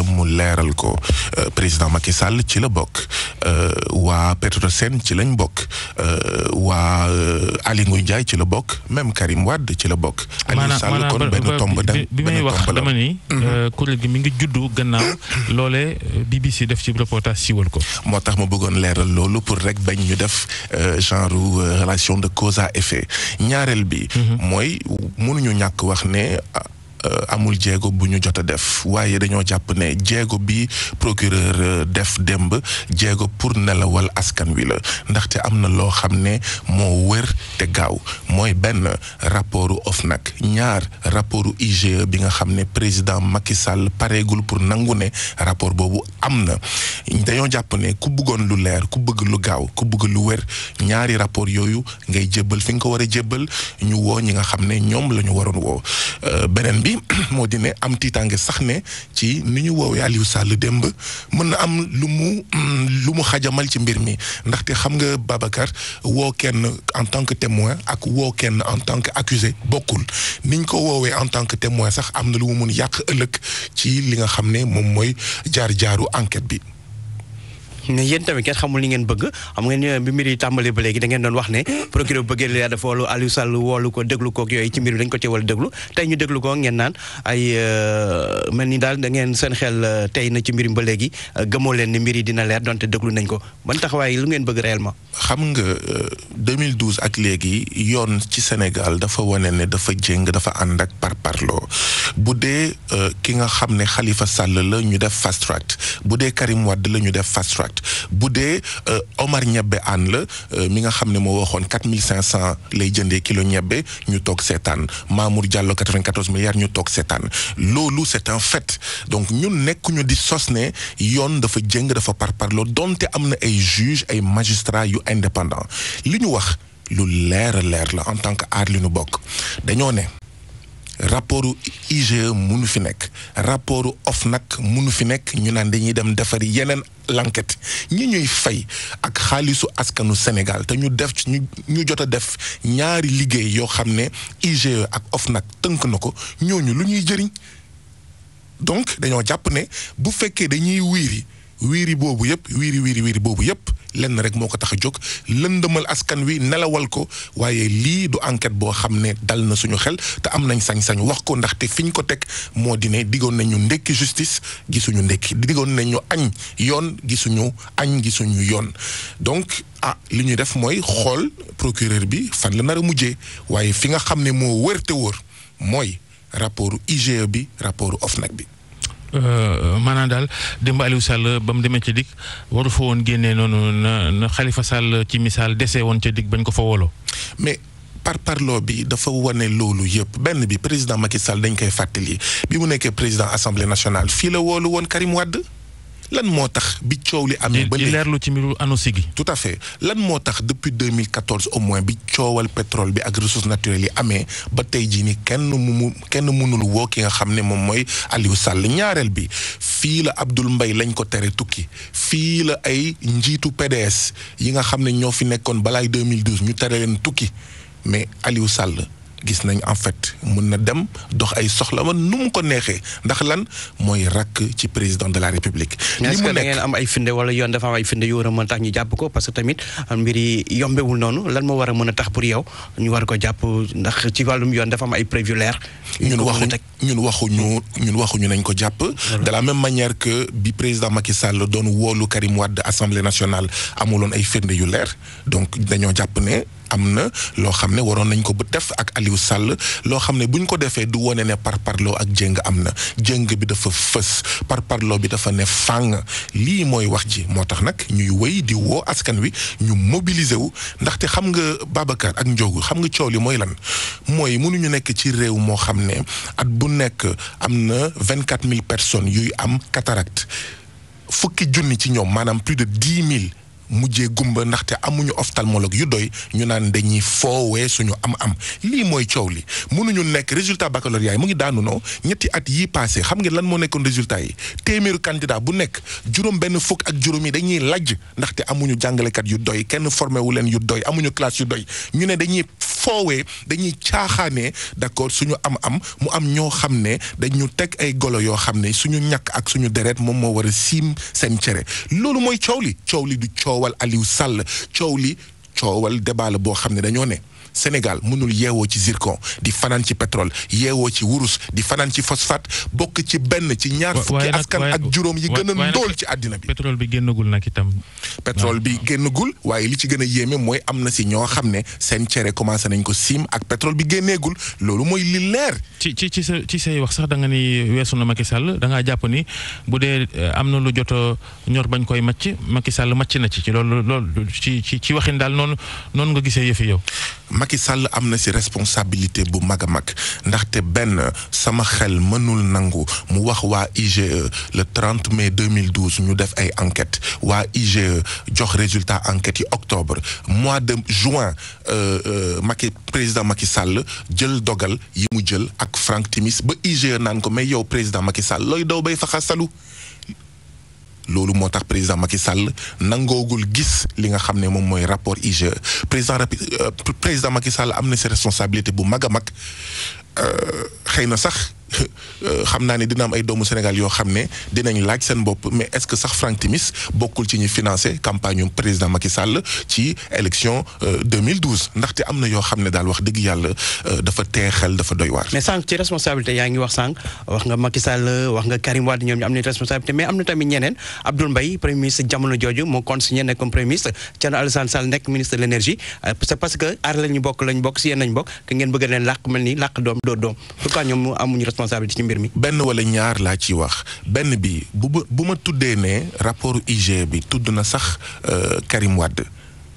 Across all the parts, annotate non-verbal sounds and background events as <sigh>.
yam mu leeral ko euh, président Macky sàll ci la bokk euh, waa Petrosen ci lañ bokk euh, waa Aly Ngouille jaay ci la bokk même Karim Wade ci la bokk. Aliou Sall kon benn tomb da bi may wax dama ni. Mhm. kuréel gi mi ngi juddu gannaaw mhm. loolee BBC def ci reportage siiwal ko. moo tax ma bëggoon leeral loolu pour rek bañ ñu def genre relation de cause à effet ñaareel bi. Mhm. mooy mënuñu ñàkk wax ne. Euh, amul jéego bu ñu jot a def waaye dañoo jàpp ne jéego bi procureur euh, def démb jéego pour nelawal askan wi la ndaxte am na loo xam ne moo wër te gaaw mooy benn rapport of nag ñaar rapportu ug e bi nga xam ne président Macky Sall pareegul pour nangu ne rapport boobu am na dañoo jàpp ne ku buggoon lu leer ku bëgg lu gaaw ku bëgg lu wër ñaari rapport yooyu ngay jébbal fi nga ko war a jébbal ñu woo ñi nga xam ne ñoom la ñu waroon woo euh, beneen bi <clears throat> moo di ne am tiitaange sax ne ci ni ñu woowee Aliou Sall démb mën na am lu mu mm, lu mu xajamal ci mbir mi ndaxte xam nga Babacar woo kenn en tant que témoin ak woo kenn en tant que accusé bokkul niñ ko woowee en tant que témoin sax am na lu mu mun yàq ëllëg ci li nga xam ne moom mooy jaar-jaaru enquête bi. ne yéen tamit kenn xamul li ngeen bëgg xam ngeen eh, bi mbir yi tàmbalee ba léegi da ngeen doon wax ne mm. procureur bu bëggee li Sall woolu ko déglu kook yooyu ci dañ ko ci wala déglu tey ñu déglu ko ngeen naan ay eh, mel ni daal da ngeen seen xel eh, tey na ci mbir ba léegi gëmoo leen ni mbir yi dina leer donte déglu nañ ko ban taxawaay lu bëgg réellement xam nga 2012 ak léegi yoon ci Sénégal dafa wane ne dafa jéng dafa ànd ak parparloo bu dee ki nga xam ne Khalifa Sall la ñu def fast track bu dee Karim Wade la ñu def fast track bu dee euh, Omar ñebbe aan la euh, mi nga xam ne moo waxoon quatre mille cinq cent lay jëndee kilo ñebbe ñu toog seetaan Mamour Diallo quatre vingt quatorze milliards ñu toog seetaan loolu c'est un fait donc ñun nekkuñu di sos ne yoon dafa jëng dafa par par lool donte am na ay juge ay magistrats yu indépendant li ñu wax lu leer leer la en tant que aar li ñu bokk dañoo ne rapport u IGE munu fi nekk rapport u rapportu nag munu fi nekk ñu naan dañuy dem defar yeneen l'enquête ñi ñuy fay ak xaalisu askanu Sénégal te ñu def ci ñu ñu jot a def ñaari liggéey yoo xam ne IGE ak OFNAC tënk na ko ñooñu lu ñuy jëriñ donc dañoo jàpp ne bu fekkee dañuy wiiri wiiri boobu yëpp wiiri wiiri wiiri boobu yëpp lenn rek moo ko tax a jóg lëndëmal askan wi nelawal ko waaye lii du enquête boo xam ne dal na suñu xel te am nañ sañ-sañ wax ko ndaxte fi ñu ko teg moo di ne diggoon nañu ndekki justice gisuñu ndekki diggoon nañu añ yoon gisuñu añ gisuñu yoon donc ah li ñuy def mooy xool procureur bi fan la nar a mujjee waaye fi nga xam ne moo wër te wóor mooy rapport IGE bi rapport nag bi. Euh, man naa daal démb Aliou Sall ba mu demee ca dig waru fa woon génnee noonu na xalifa Khalifa ci misaal dese woon ca dig bañ ko fa woloo mais par parloo bi dafa wane loolu yëpp benn bi président Macky Sall dañ koy fàttali bi mu nekkee président assemblée nationale fii la woolu woon Karim Wade lan moo tax bi coow li amee. ba léegi leerlu ci mbiru ANOCI gi. tout à fait lan moo tax depuis 2014 au moins bi coowal pétrole bi ak ressources naturelles yi amee ba tey jii ni kenn mu kenn mënul woo ki nga xam ne moom mooy Aliou Sall ñaareel bi fii la Abdoul mbay lañ ko tere tukki fii la ay njiitu PDS yi nga xam ne ñoo fi nekkoon balaay 2012 ñu tere leen tukki mais Aliou Sall. gis nañ en fait mun na dem dox ay soxla ma nu mu ko neexee ndax lan mooy rakk ci président de la république. li mu nekk est ngeen am ay firnde wala yoon dafa ay firnde yu war a mën tax ñu jàpp ko euh, mbir yi yombewul noonu lan moo war a mën a tax pour yow ñu war ko jàpp ndax ci wàllum yoon dafa am ay prévu leer. ñun waxu ñun waxuñu ñun waxuñu nañ ko jàpp. de la même manière que bi président Macky Sall doon woolu Karim Wade assemblée nationale amuloon ay firnde yu leer donc dañoo jàpp ne. am na loo xam ne waroon nañ ko bu def ak Aliou sàll loo xam ne buñ ko defee du wone ne par parlo ak jéng am na jéng bi dafa fës par parlo bi dafa ne fàng lii mooy wax ci moo tax nag ñuy wéy di woo askan wi ñu mobiliser wu ndaxte xam nga Babacar ak Ndiogu xam nga coow li mooy lan mooy mënuñu nekk ci réew moo xam ne at bu nekk am na vingt quatre mille personnes yuy am cataracte fukki junni ci ñoom maanaam plus de dix mille mujjee gumba ndaxte amuñu ophtalmologue yu doy ñu naan dañuy foowee suñu am-am lii mooy coow li mënuñu nekk résultat baccalauréat mu ngi daanu noo ñetti at yii passé xam nga lan moo nekkoon résultat yi téeméeru candidat bu nekk juróom benn fukk ak juróom yi dañuy lajj ndaxte amuñu jàngalekat yu doy kenn formé wu leen yu doy amuñu classe yu doy ñu ne dañuy foowee dañuy caaxaanee d'accord suñu am-am mu am ñoo xam ne dañu teg ay golo yoo xam ne suñu ñàkk ak suñu deret moom moo war a siim seen cere loolu mooy coow li coow li du coow coowal Aliou Sall coow li coowal débat la boo xam ne dañoo ne Sénégal mënul yeewoo ci zircon di fanaan ci pétrole yeewoo ci wurus di fanaan ci phosphate bokk ci benn ci ñaar fukki askan ak juróom yi gën a ndóol ci àddina bi. pétrole bi génnagul nag itam. pétrole bi génnagul waaye li ci gën a yéeme mooy am na si ñoo xam ne seen cere commencé nañ ko siim ak pétrole bi génneegul loolu mooy li leer. ci ci ci sa ci say wax sax da nga ni weesu na Macky Sall da ngaa jàpp ni bu dee eh, am na lu jot ñor bañ koy macc Macky Sall màcc na ci ci loolu loolu ci ci waxin daal noonu noonu nga gisee yëfi yow. Macky Sall am na ci responsabilité bu mag a mag ndaxte benn sama xel mënul nangu mu wax waa IGE le 30 mai 2012 ñu def ay enquête waa IGE jox résultat enquêtes yi octobre mois de juin euh, euh, Macky président Macky Sall jël dogal yi mu jël ak Franck Timis ba IGE naan ko mais yow président Macky Sall looy daw bay faxa salu loolu moo tax président Macky Sall nangoogul gis li nga xam ne moom mooy rapport IGE président euh, président Macky Sall am na si responsabilité bu mag a mag euh, xëy na sax. Euh, xam naa ne dina am ay doomu Sénégal yoo xam ne dinañ laaj seen bopp mais est-ce que sax Franck Timis bokkul ci ñi financé campagne président Macky Sall ci élection euh, ndaxte am na yoo xam ne daal wax dëgg yàlla euh, dafa teexal dafa doy waar. mais sànq ci responsabilité yaa ngi wax sànq wax nga Macky Sall wax nga Karim Wade ñoom ñu am nañ responsabilité mais am na tamit ñeneen Abdoul Mbaye premier ministre jamono jooju moo consigné nekk comme premier ministre que aar la bokk la ñu bokk si yéen nañ bokk que ngeen doo responsabilité ci mbir mi. benn wala ñaar laa ci wax benn bi bu ba bu ma tuddee ne rapport IG bi tudd na sax euh, Karim Wade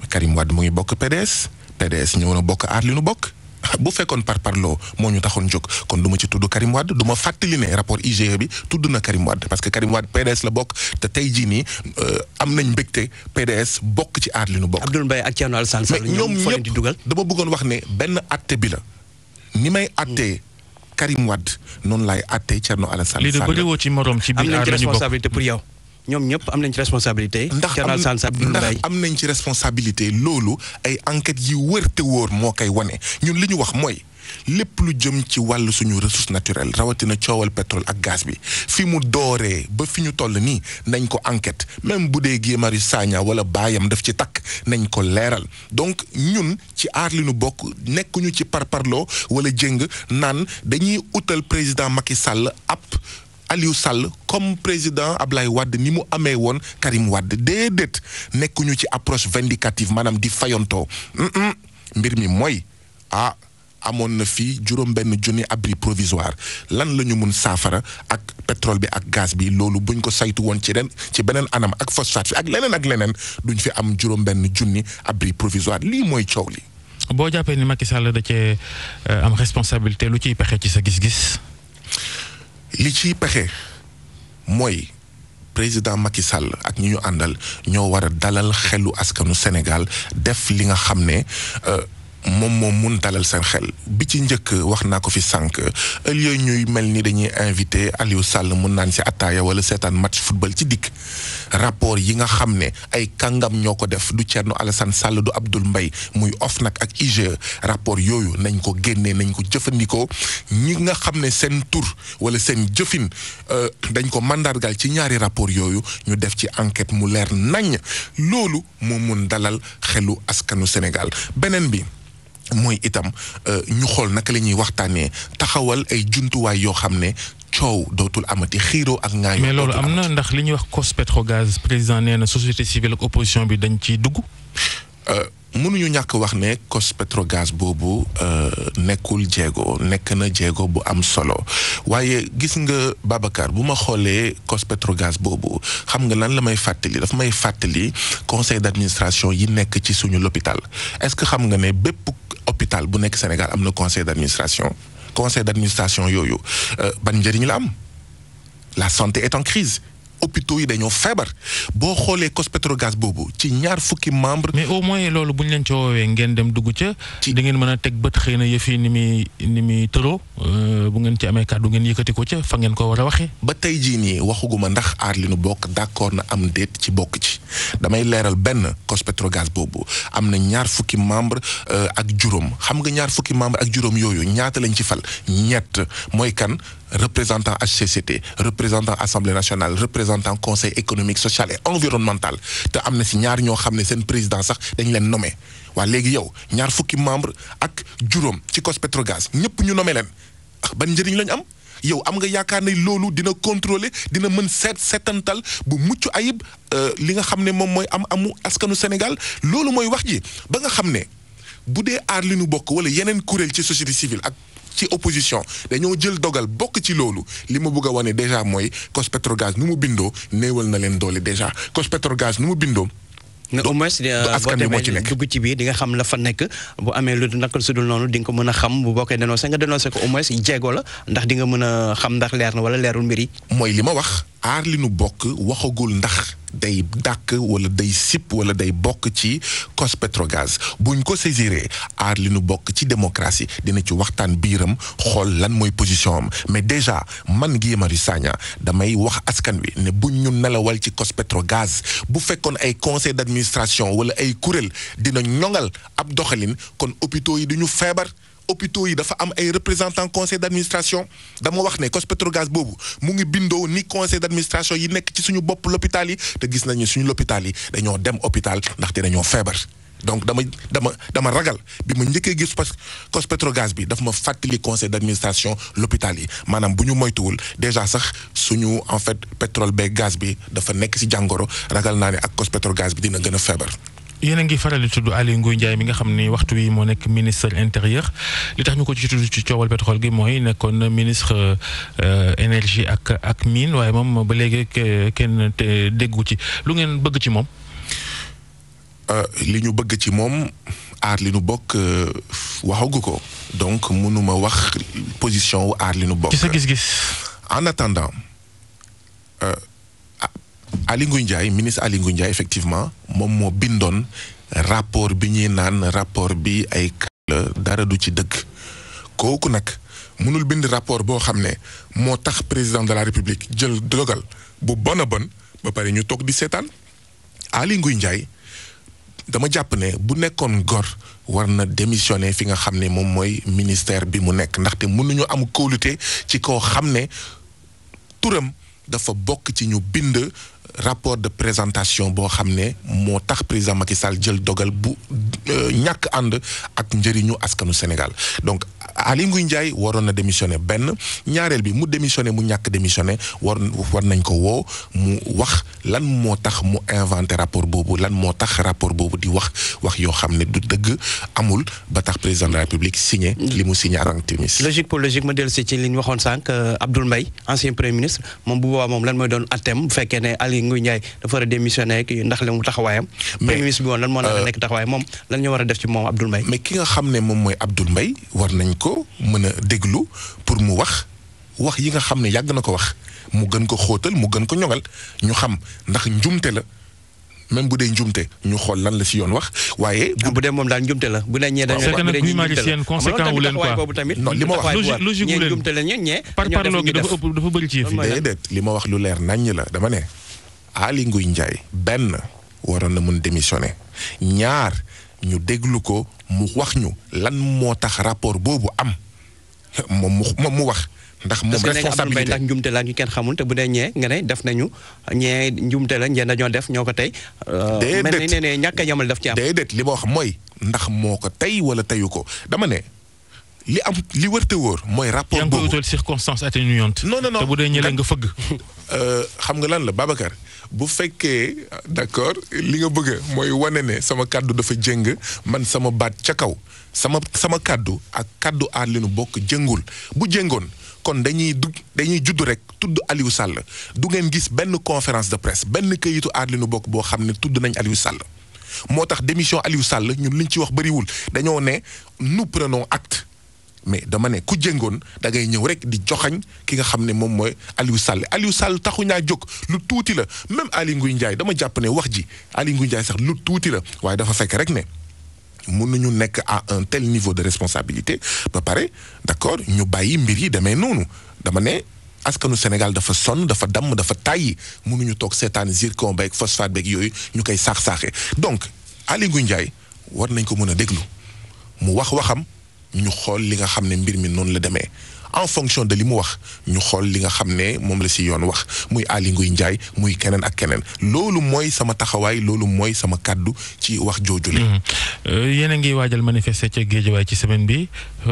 Karim Wade mu ngi bokk PDS PDS ñëw na bokk aar li nu bokk. <laughs> bu fekkoon par par parloo moo ñu taxoon jóg kon du ma ci tudd Karim Wade du ma fàttali ne rapport IGE bi tudd na Karim Wade parce que Karim Wade PDS la bokk te tey jii nii euh, am nañ mbégte PDS bokk ci aar li nu bokk. Abdoul Mbaye ak Thierno Alassane Sall ñoom ñëpp dama bëggoon wax ne benn atte bi la ni may attee. Karim Wade noonu laay at Thierno Alassane Sall. li woo ci ci biir aar lañu bokk am nañ ci responsabilité pour yow. ñoom ñëpp am nañ ci responsabilité. ndax am nañ ci responsabilité loolu ay enquêtes yi wër te wóor moo koy wane ñun li ñu wax mooy. lépp lu jëm ci wàllu suñu ressource naturel rawatina coowal pétrole ak gaz bi fi mu dooree ba fi ñu toll nii nañ ko enquête même bu dee Guy Marius Sagna wala baayam daf ci takk nañ ko leeral donc ñun ci aar li nu bokk nekkuñu ci parparloo wala jëng naan dañuy utal président Macky Sall ab Aliou Sall comme président Ablaye Wade ni mu amee woon Karim Wade déedéet nekkuñu ci approche vindicative maanaam di fayonto mbir mi mooy ah. amoon na fii juróom benn junni abri provisoire lan la ñu mun saafara ak pétrole bi ak gaz bi loolu buñ ko saytu woon ci ren ci beneen anam ak phosphate fi ak leneen ak leneen duñ fi am juróom benn junni abri provisoire lii mooy coow li boo jàppee ni Macky Sall da cee euh, am lu ciy pexe ci sa gis-gis. li ciy pexe mooy président Macky Sall ak ñi àndal ñoo war dalal xelu askanu Sénégal def li nga xam ne. Euh, moom moom mun dalal seen xel bi ci njëkk wax naa ko fi sànq au lieu ñuy mel ni dañuy invité Aliou Sall mun naan si attaaya wala seetaan match football ci dikk rapport yi nga xam ne ay kàngam ñoo ko def du Thierno Alassane sàll du Abdoul mbay muy nag ak IGE rapport yooyu nañ ko génnee nañ ko jëfandikoo ñi nga xam ne seen tur wala seen jëfin euh, dañ ko mandargal ci ñaari rapport yooyu ñu def ci enquête mu leer nañ loolu moom mun dalal xelu askanu Sénégal beneen bi mooy itam euh, ñu xool naka la ñuy waxtaanee taxawal ay jumtuwaay yoo xam ne coow dootul amati xiiroo ak. ngaayoo mais loolu am na ndax li ñuy wax cos pétrogaz président nee na société civile ak opposition bi dañ ciy dugg. Euh, mënuñu ñàkk wax ne cos pétrogaz boobu euh, nekkul jéego nekk na jéego bu am solo waaye gis nga Babacar bu ma xoolee cos pétrogaz boobu xam nga lan la may fàttali dafa may fàttali conseil d'administration yi nekk ci suñu l'hôpital est-ce que xam nga ne bépp hôpital bu nekk Sénégal am na conseil d'administration conseil d'administration yooyu euh, ban njëriñ la am la santé est en crise hôpitaux yi dañoo feebar boo xoolee cos pétrogaz boobu ci ñaar fukki membre mais au moins loolu bu ñu leen ci woowee ngeen dem dugg ca. ci da ngeen mën a teg bët xëy na yëf yi ni muy ni muy tëroo euh, bu ngeen ci amee kàddu ngeen yëkkati ko ca fa ngeen ko war a waxee. ba tey jii nii waxuguma ndax aar li nu bokk d'accord na am déet ci bokk ci damay leeral benn cos pétrogaz boobu am na ñaar fukki membre euh, ak juróom xam nga ñaar fukki membre ak juróom yooyu ñaata lañ ci fal ñett mooy kan représentant HCCT représentant assemblée nationale représentant. représentant conseil économique social et environnemental te am na si ñaar ñoo xam ne seen président sax dañ leen nome waa léegi yow ñaar fukki membre ak juróom ci cos pétrogaz ñëpp ñu nome leen ah, ban njëriñ lañ am yow am nga yaakaar ne loolu dina contrôler dina mën seet seetantal bu mucc ayib euh, li nga xam ne moom mooy am amu askanu Sénégal loolu mooy wax ji ba nga xam ne bu dee aar li nu bokk wala yeneen kuréel ci société civile ak. ci opposition dañoo jël dogal bokk ci loolu li ma bëgg a wane déjà mooy cos pétrogaz nu mu bindoo néewal na leen doole déjà cos pétrogaz nu mu bindoo nga au moins boo euh, demee dugg ci biir di nga xam la fa nekk bu amee lu nakal su dul noonu di nga ko mën a xam bu bokkee koy dénoncé nga dénoncé ko au moins jéego la ndax di nga mën a xam ndax leer na wala leerul mbir mooy li ma wax aar li nu bokk waxagul ndax. day dàkk wala day sip wala day bokk ci cos pétrogaz buñ ko saisiree aar li nu bokk ci démocratie dina ci waxtaan biiram xool lan mooy position am mais déjà man Guy Marius Sagna damay wax askan wi ne buñ ñu nelawal ci cos pétrogaz bu fekkoon ay conseil d'administration wala ay kuréel dina ñoŋal ab doxalin kon hôpitaux yi duñu feebar hôpitaux yi dafa am ay représentant conseil d' administration dama wax ne cos pétrogaz boobu mu ngi bindoo ni conseil d' administration yi nekk ci suñu bopp l'hôpital yi te gis nañu suñu l'hôpital yi dañoo dem hôpital ndaxte dañoo feebar donc dama dama dama ragal bi ma njëkkee gis parce que cos pétrogaz bi dafa ma fàttali conseil d' administration l'hôpital yi maanaam bu ñu moytuwul déjà sax suñu en fait pétrole beeg gaz bi dafa nekk si jàngoro ragal naa ne ak cos bi dina gën a feebar yéen a ngi faral di tudd Aly Ngouille Ndiaye mi nga xam ni waxtu wi moo nekk ministre intérieur li tax ñu ko ci tudd ci coowal pétrole gi mooy nekkoon ministre euh, énergie ak ak mine waaye moom ba léegi kenn déggu ci lu ngeen bëgg ci moom. Euh, li ñu bëgg ci moom aar li nu bokk euh, waxagu ko donc mënuma wax position wu aar li nu bokk. ci sa gis-gis. en attendant. Aly Ngouille Ndiaye ministre Aly Ngouille Ndiaye effectivement moom moo bindoon rapport bi ñuy naan rapport bi ay la dara du ci dëgg kooku nag mënul bind rapport boo xam ne moo tax président de la république jël dogal bu bon bon ba pare ñu toog di seetaan Aly Ngouille Ndiaye dama jàpp ne bu nekkoon gor war na démissionner fi nga xam ne moom mooy ministère bi mu nekk ndaxte mënuñu am kóolute ci koo xam ne turam dafa bokk ci ñu bind rapport de présentation boo xam ne moo tax président Macky Sall jël dogal bu euh, ñàkk ànd ak njëriñu askanu Sénégal donc Aly Ngouille Ndiaye waroon na démissionné benn ñaareel bi mu démissionné mu ñàkk démissionné war war nañ ko woo mu wax lan moo tax mu inventé rapport boobu lan moo tax rapport boobu di wax wax yoo xam ne du dëgg amul ba tax président de la République signé li mu signé ak Timis logique pour logique ma dellu si ci li ñu waxoon sànq euh, Abdoul mbay ancien premier ministre moom bu boobaa moom lan mooy doon atteem bu fekkee ne Aly Ngouille Ndiaye dafa war a démissionné ndax mu taxawaayam premier lan moo nar a euh, nekk taxawaayam moom lan ñu war a def ci moom Abdoul ki nga xam ne moom mooy Abdoul Mbaye war nañ ko ko mën a déglu pour mu wax wax yi nga xam ne yàgg na ko wax mu gën ko xootal mu gën ko ñoŋal ñu xam ndax njumte la même bu dee njumte ñu xool lan la ci yoon wax waaye. Ah, bu dee moom daal njumte la bu ne ñee dañu wax bu dee ñu njumte la conséquent wu leen quoi non li ma wax logique logique wu leen njumte la ñun ñee. ma wax lu leer naññ la dama ne Aly Ngouille Ndiaye benn waroon na mun démissionner ñaar ñu déglu ko mu wax ñu lan moo tax rapport boobu am moom mu moom mu wax. ndax moom responsabilité ndax njumte la ñu kenn xamul te bu dee ñee nga ne def nañu ñee njumte la ñee dañoo def ñoo ko tey. déedéet mel ne ñàkk a yamal li ma wax mooy ndax moo ko tey wala teyu ko dama ne li am li wërte wóor mooy rapport boobu yaa ngi ko wutal circonstance atténuante. non non non te bu dee ñëlee nga fëgg. Euh, xam nga lan la Babacar. bu fekkee d'accord li nga bëgg mooy wane ne sama kàddu dafa jëng man sama baat ca kaw sama sama kàddu ak kàddu aar li nu bokk jëngul bu jëngoon kon dañuy dug dañuy judd rek tudd Aliou Sall du ngeen gis benn conférence de presse benn këyitu aar bokk boo xam ne tudd nañ Aliou Sall moo tax démission Aliou Sall ñun liñ ci wax bariwul dañoo ne nous prenons acte mais dama ne ku jëngoon da ngay ñëw rek di joxañ ki nga xam ne moom mooy Aliou Sall Aliou Sall taxu ñaa jóg lu tuuti la même Aly Ngouille Ndiaye dama jàpp ne wax ji Aly Ngouille Ndiaye sax lu tuuti la waaye dafa fekk rek ne mënuñu nekk à un tel niveau de responsabilité ba pare d'accord ñu bàyyi mbir yi demee noonu dama ne askanu Sénégal dafa sonn dafa damm dafa tàyyi ñu toog seetaan zircon beeg phosphate beeg yooyu ñu koy saax saaxee donc Aly Ngouille Ndiaye war nañ ko mën a déglu mu wax waxam. ñu xool li nga xam ne mbir mi noonu la demee en fonction de li mu wax ñu xool li nga xam ne moom la si yoon wax muy Aly Ngouille Ndiaye muy keneen ak keneen loolu mooy sama taxawaay loolu mooy sama kàddu ci wax joojule mm-hmm. euh, yéen a ngi waajal manifester ca Géejawaay ci semaine bi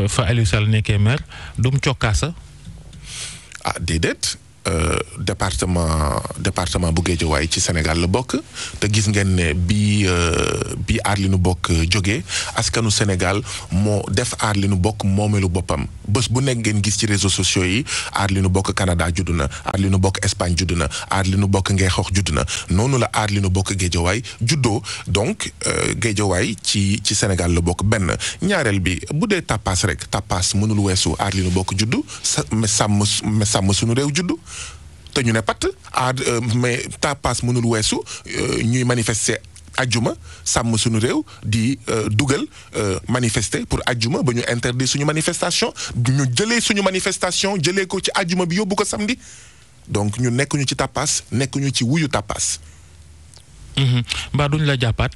fa Aliou Sall nekkee maire dum cokkaasa ah déedéet Euh, département département bu Géejawaay ci Sénégal la bokk te gis ngeen ne bi euh, bi aar li nu bokk jóge askanu Sénégal moo def aar li nu bokk moomeelu boppam bés bu nekk ngeen gis ci réseaux sociaux yi aar li nu bokk Canada juddu na aar li nu bokk Espagne juddu na aar li nu bokk Ngeexoox juddu na noonu la aar li nu bokk Géejawaay juddoo donc euh, Géejawaay ci ci Sénégal la bokk benn ñaareel bi bu dee tapas rek tapas mënul weesu aar li nu bokk juddu sa sàmm sàmm suñu réew juddu te ñu ne pat ah mais tapas mënul weesu euh, ñuy manifester ajjuma sàmm suñu réew di euh, dugal manifester pour ajjuma ba ñu interdire suñu manifestation ñu jëlee suñu manifestation jëlee ko ci ajjuma bi yóbbu ko samedi donc ñu nekkuñu ci tapas nekkuñu ci wuyu tapas. Mm-hmm. mbaa duñ la jàppaat.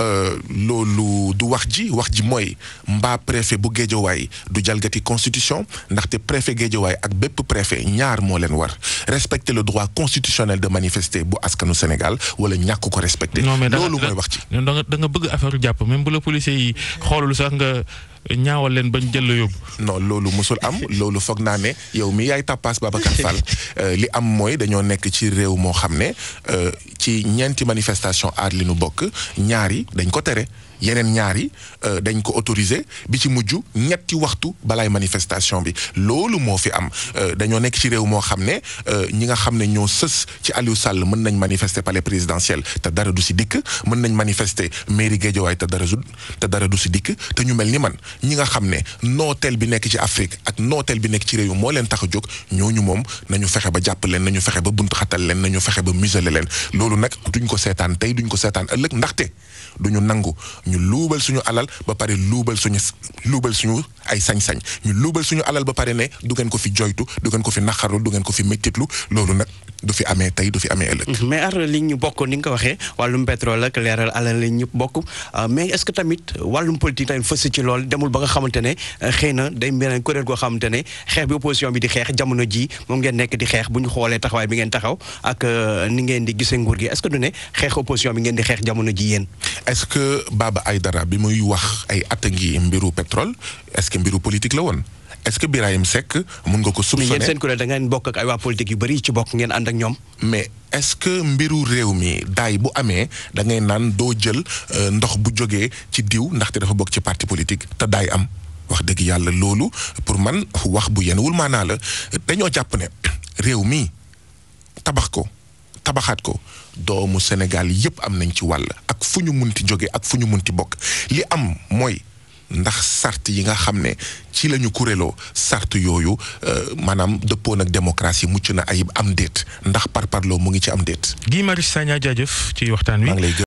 Euh, loolu du wax ji wax ji mooy mbaa préfet bu géejawaay du jalgati constitution ndaxte préfet géejawaay ak bépp préfet ñaar moo leen war respecter le droit constitutionnel de manifester bu askanu Sénégal wala ñàkk ko respecter. loolu mooy wax ci non da nga bëgg affaire jàpp même bu la policier yi xoolul sax nga. ñaawal leen ba jël la yóbbu. non loolu musul am loolu foog naa ne yow mi yaay tappaas Babacar Fall <laughs> euh, li am mooy dañoo nekk ci réew moo xam ne euh, ci ñeenti manifestation aar li nu bokk ñaari dañ ko tere. yeneen ñaar yi euh, dañ ko autorisé bi ci mujj ñetti waxtu balaay manifestation bi loolu moo fi am euh, dañoo nekk ci réew moo xam ne euh, ñi nga xam ne ñoo sës ci Aliou Sall mën nañ manifester palais présidentiel te dara du si dikk mën nañ manifester mairie Guédiawaye te dara du te dara du si dikk te ñu mel ni man ñi nga xam ne nooteel bi nekk ci Afrique ak nooteel bi nekk ci réew moo leen tax a jóg ñooñu moom nañu fexe ba jàpp leen nañu fexe ba buntu xatal leen nañu fexe ba museler leen loolu nag duñ ko seetaan tey duñ ko seetaan ëllëg ndaxte du ñu nangu ñu luubal suñu alal ba pare luubal suñu luubal suñu ay sañ-sañ ñu luubal suñu alal ba pare ne du ngeen ko fi joytu du ngeen ko fi naqarlu du ngeen ko fi méttitlu loolu nag du fi amee tey du fi amee ëllëg. Mm-hmm. mais ar li ñu bokk ni nga ko waxee wàllum pétrole ak leeral alal li ñëpp bokk euh, mais est-ce tamit wàllum politique tamit fës ci lool demul ba nga xamante ne euh, xëy na day mel kuréel goo xamante ne xeex bi opposition bi di xeex jamono ji moom ngeen nekk di xeex bu ñu xoolee taxawaay bi ngeen taxaw ak euh, ni ngeen di gisee nguur gi est que du ne xeex opposition bi ngeen di xeex jamono ji yéen. est-ce que Baba Aïdara bi wax ay at ngi mbiru pétrole est-ce mbiru politique la woon est-ce que Birahim Seck mun nga ko. soupçonné mais yéen seen kuréel da ngeen bokk ak ay waa politique yu bëri ci bokk ngeen ànd ak ñoom. mais est-ce que mbiru réew mi daay bu amee da ngay naan doo jël euh, ndox bu jógee ci diw ndaxte dafa bokk ci parti politique te daay am wax dëgg yàlla loolu pour man wax bu yenuwul maanaa la dañoo jàpp ne réew mi tabax ko tabaxaat ko doomu Sénégal yépp am nañ ci wàll ak fu ñu munti jógee ak fu ñu munti bokk li am mooy. ndax sart yi nga xam ne ci la ñu kuréeloo sart yooyu euh, maanaam dëppoo nag démocratie mucc na ayib am déet ndax par parloo mu ngi ci am déet. Guy Marius Sagna jaajëf ci waxtaan wi.